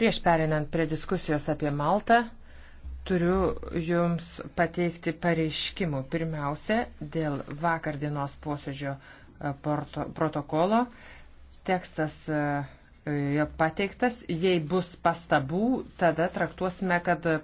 Prieš perinant prie diskusijos apie Maltą, turiu Jums pateikti pareiškimų. Pirmiausia, dėl vakardienos posėdžio e, porto, protokolo. Tekstas e, pateiktas. Jei bus pastabų, tada traktuosime, kad